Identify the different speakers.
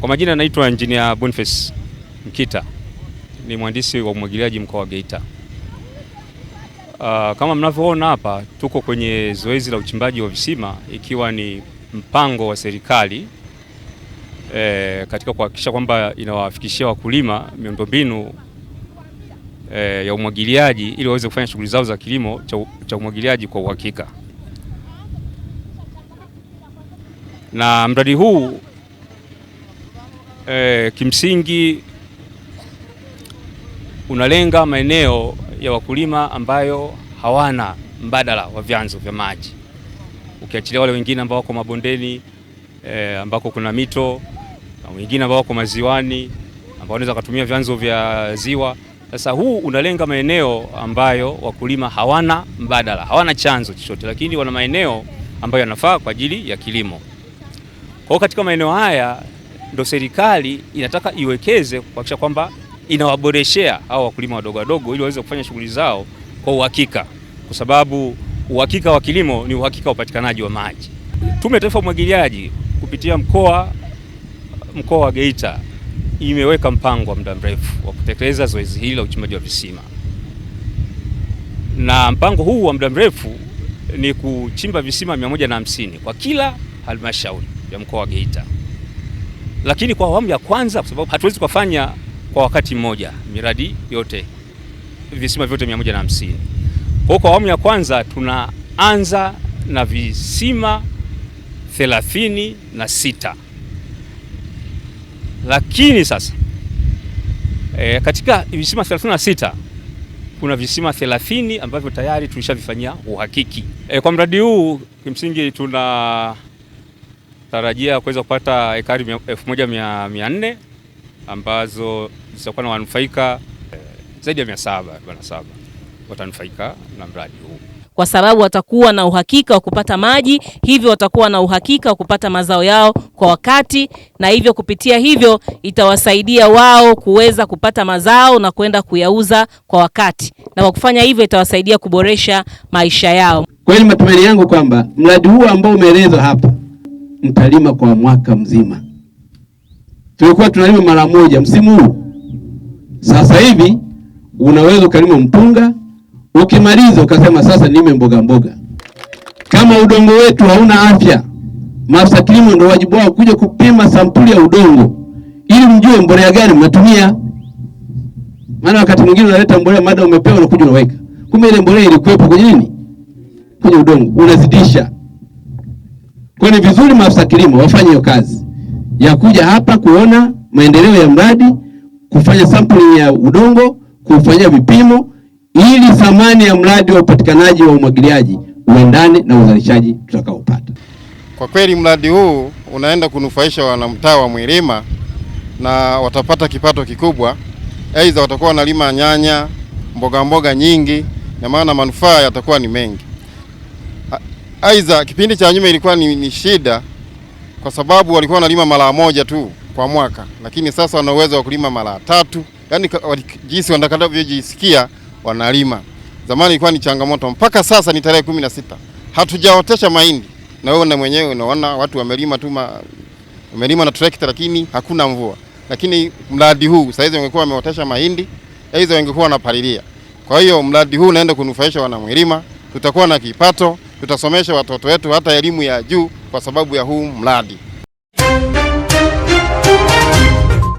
Speaker 1: Kwa majina naitwa Engineer Boniface Mkita, ni mhandisi wa umwagiliaji mkoa wa Geita. Uh, kama mnavyoona hapa tuko kwenye zoezi la uchimbaji wa visima ikiwa ni mpango wa serikali eh, katika kuhakikisha kwamba inawafikishia wakulima miundombinu eh, ya umwagiliaji ili waweze kufanya shughuli zao za kilimo cha, cha umwagiliaji kwa uhakika. Na mradi huu e, kimsingi unalenga maeneo ya wakulima ambayo hawana mbadala wa vyanzo vya maji, ukiachilia wale wengine ambao wako mabondeni e, ambako kuna mito na wengine ambao wako maziwani ambao wanaweza kutumia vyanzo vya ziwa. Sasa huu unalenga maeneo ambayo wakulima hawana mbadala, hawana chanzo chochote, lakini wana maeneo ambayo yanafaa kwa ajili ya kilimo. Kwa hiyo katika maeneo haya ndo serikali inataka iwekeze kuhakikisha kwamba inawaboreshea hao wakulima wadogo wadogo ili waweze kufanya shughuli zao kwa uhakika, kwa sababu uhakika wa kilimo ni uhakika wa upatikanaji wa maji. Tume Taifa Umwagiliaji kupitia mkoa mkoa wa Geita imeweka mpango wa muda mrefu wa kutekeleza zoezi hili la uchimbaji wa visima, na mpango huu wa muda mrefu ni kuchimba visima 150 kwa kila halmashauri ya mkoa wa Geita lakini kwa awamu ya kwanza, kwa sababu hatuwezi kufanya kwa wakati mmoja miradi yote visima vyote 150. Kwa hiyo kwa awamu ya kwanza tunaanza na visima 36, lakini sasa e, katika visima 36 kuna visima 30 ambavyo tayari tulishavifanyia uhakiki. E, kwa mradi huu kimsingi tuna tarajia kuweza kupata ekari 1400 ambazo zitakuwa na wanufaika eh, zaidi ya 700 watanufaika na mradi huu
Speaker 2: kwa sababu watakuwa na uhakika wa kupata maji, hivyo watakuwa na uhakika wa kupata mazao yao kwa wakati, na hivyo kupitia hivyo itawasaidia wao kuweza kupata mazao na kwenda kuyauza kwa wakati, na kwa kufanya hivyo itawasaidia kuboresha maisha yao.
Speaker 3: Kweli matumaini yangu kwamba mradi huu ambao umeelezwa hapa mtalima kwa mwaka mzima. Tulikuwa tunalima mara moja msimu huu, sasa hivi unaweza ukalima mpunga, ukimaliza ukasema sasa nime mboga mboga. Kama udongo wetu hauna afya, maafisa kilimo ndio wajibu wao kuja kupima sampuli ya udongo ili mjue mbolea gani mnatumia. Maana wakati mwingine unaleta mbolea mada umepewa, na kuja unaweka, kumbe ile mbolea ilikuwepo kwenye nini, kwenye udongo, unazidisha kwa ni vizuri maafisa kilimo wafanye hiyo kazi ya kuja hapa kuona maendeleo ya mradi, kufanya sampling ya udongo, kufanyia vipimo ili thamani ya mradi wa upatikanaji wa umwagiliaji uendane na uzalishaji tutakaopata.
Speaker 4: Kwa kweli mradi huu unaenda kunufaisha wanamtaa wa Mwilima na watapata kipato kikubwa, aidha watakuwa wanalima nyanya, mboga mboga nyingi, na maana manufaa yatakuwa ni mengi. Aidha, kipindi cha nyuma ilikuwa ni, ni shida kwa sababu walikuwa wanalima mara moja tu kwa mwaka, lakini sasa wana uwezo wa kulima mara tatu, yani jinsi watakavyojisikia wanalima. Zamani ilikuwa ni changamoto, mpaka sasa ni tarehe kumi na sita hatujaotesha mahindi, na wewe mwenyewe unaona watu wamelima tu ma, wamelima na trekta, lakini hakuna mvua. Lakini mradi huu saizi wangekuwa wameotesha mahindi, aidha wangekuwa wanapalilia. Kwa hiyo mradi huu unaenda kunufaisha wanamwilima, tutakuwa na kipato tutasomesha watoto wetu hata elimu ya juu kwa sababu ya huu mradi.